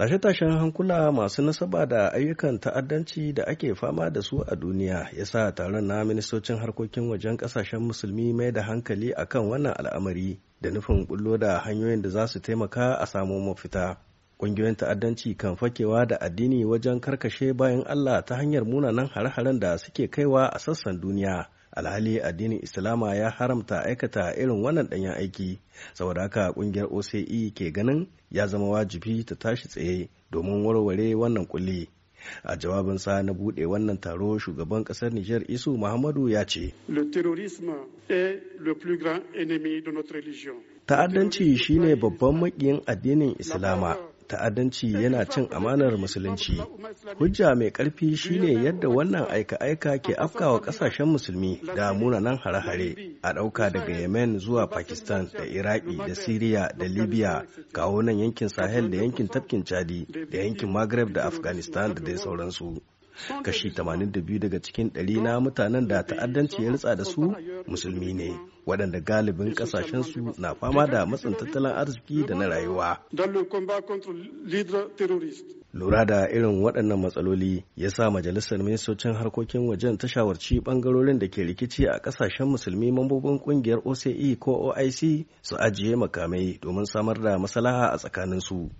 tashe-tashen hankula masu nasaba da ayyukan ta'addanci da ake fama da su a duniya ya sa taron na ministocin harkokin wajen kasashen musulmi mai da hankali a kan wannan al'amari da nufin bullo da hanyoyin da za su taimaka a samu mafita ƙungiyoyin ta'addanci kan fakewa da addini wajen karkashe bayan allah ta hanyar munanan hare-haren da suke kaiwa a sassan duniya alhali addinin islama ya haramta aikata irin wannan ɗanyen aiki saboda haka ƙungiyar oce ke ganin ya zama wajibi ta tashi tsaye domin warware wannan kulli a jawabinsa na bude wannan taro shugaban ƙasar nijar isu muhammadu ya ce le terrorisme est le grand ennemi de ta'addanci shine babban makiyin addinin islama ta'addanci yana cin amanar musulunci hujja mai ƙarfi shine yadda wannan aika-aika ke afkawa ƙasashen musulmi da munanan hare-hare a ɗauka daga yemen zuwa pakistan da iraki da siriya da libya kawo nan yankin sahel da yankin tafkin chadi da yankin maghreb da afghanistan da dai sauransu kashi 82 daga cikin ɗari na mutanen da ta'addanci ya ritsa da su musulmi ne waɗanda galibin ƙasashensu na fama da matsin tattalin arziki da na rayuwa lura da irin waɗannan matsaloli ya sa majalisar ministocin harkokin wajen ta shawarci ɓangarorin da ke rikici a ƙasashen musulmi mambobin ƙungiyar oce ko oic su ajiye makamai domin samar da maslaha a tsakaninsu.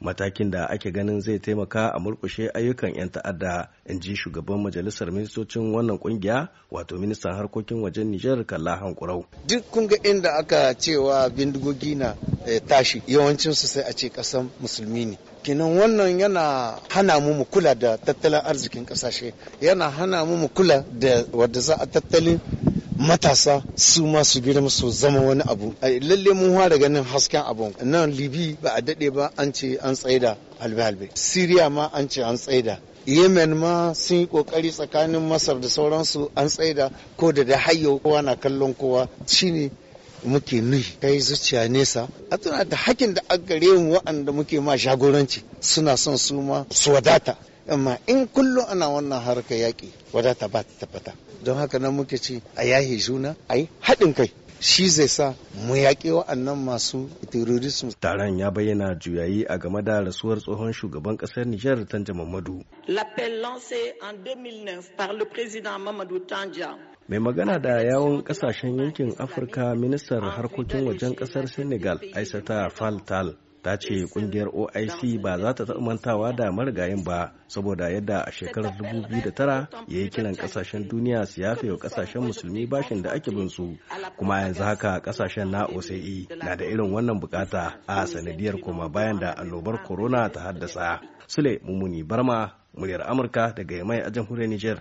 matakin da ake ganin zai taimaka a murkushe ayyukan 'yan ta'adda in ji shugaban majalisar ministocin wannan kungiya wato ministan harkokin wajen nijar kalla hankurau duk kun ga inda aka cewa bindigogi na eh, tashi yawancin su sai a ce kasan musulmi ne kenan wannan yana hana mu mu kula da tattalin arzikin kasashe yana hana mu mu kula da wadda za a tattalin matasa su ma su girma su zama wani abu a lalle mun fara ganin hasken abun nan libi ba a daɗe ba an ce an tsaida halbe-halbe siriya ma an ce an tsaida yemen ma sun yi kokari tsakanin masar da sauransu an tsaida ko da da hayo kowa na kallon kowa shine muke nuhi kai zuciya nesa a tuna da hakin da a gare mu waɗanda muke ma shagoranci suna son su ma su wadata amma in kullum ana wannan harka yaƙi wadata ba ta tabbata don haka nan muke ci a yahi juna a yi haɗin kai shi zai sa mu yaƙi wa'annan masu terrorism. Taron ya bayyana juyayi a game da rasuwar tsohon shugaban ƙasar Nijar Tanja Mamadu. L'appel lancé en 2009 par le président Mamadou Tanja mai magana da yawon kasashen yankin afirka ministan harkokin wajen kasar senegal aisata faltal ta ce kungiyar oic ba za ta mantawa da marigayin ba saboda yadda a shekarar 2009 ya yi kiran kasashen duniya su yafe wa kasashen musulmi bashin da ake bin su kuma yanzu haka kasashen na oce na da irin wannan bukata a sanadiyar koma bayan da annobar corona ta haddasa sule mummuni barma muryar amurka daga yamai a jamhuriyar niger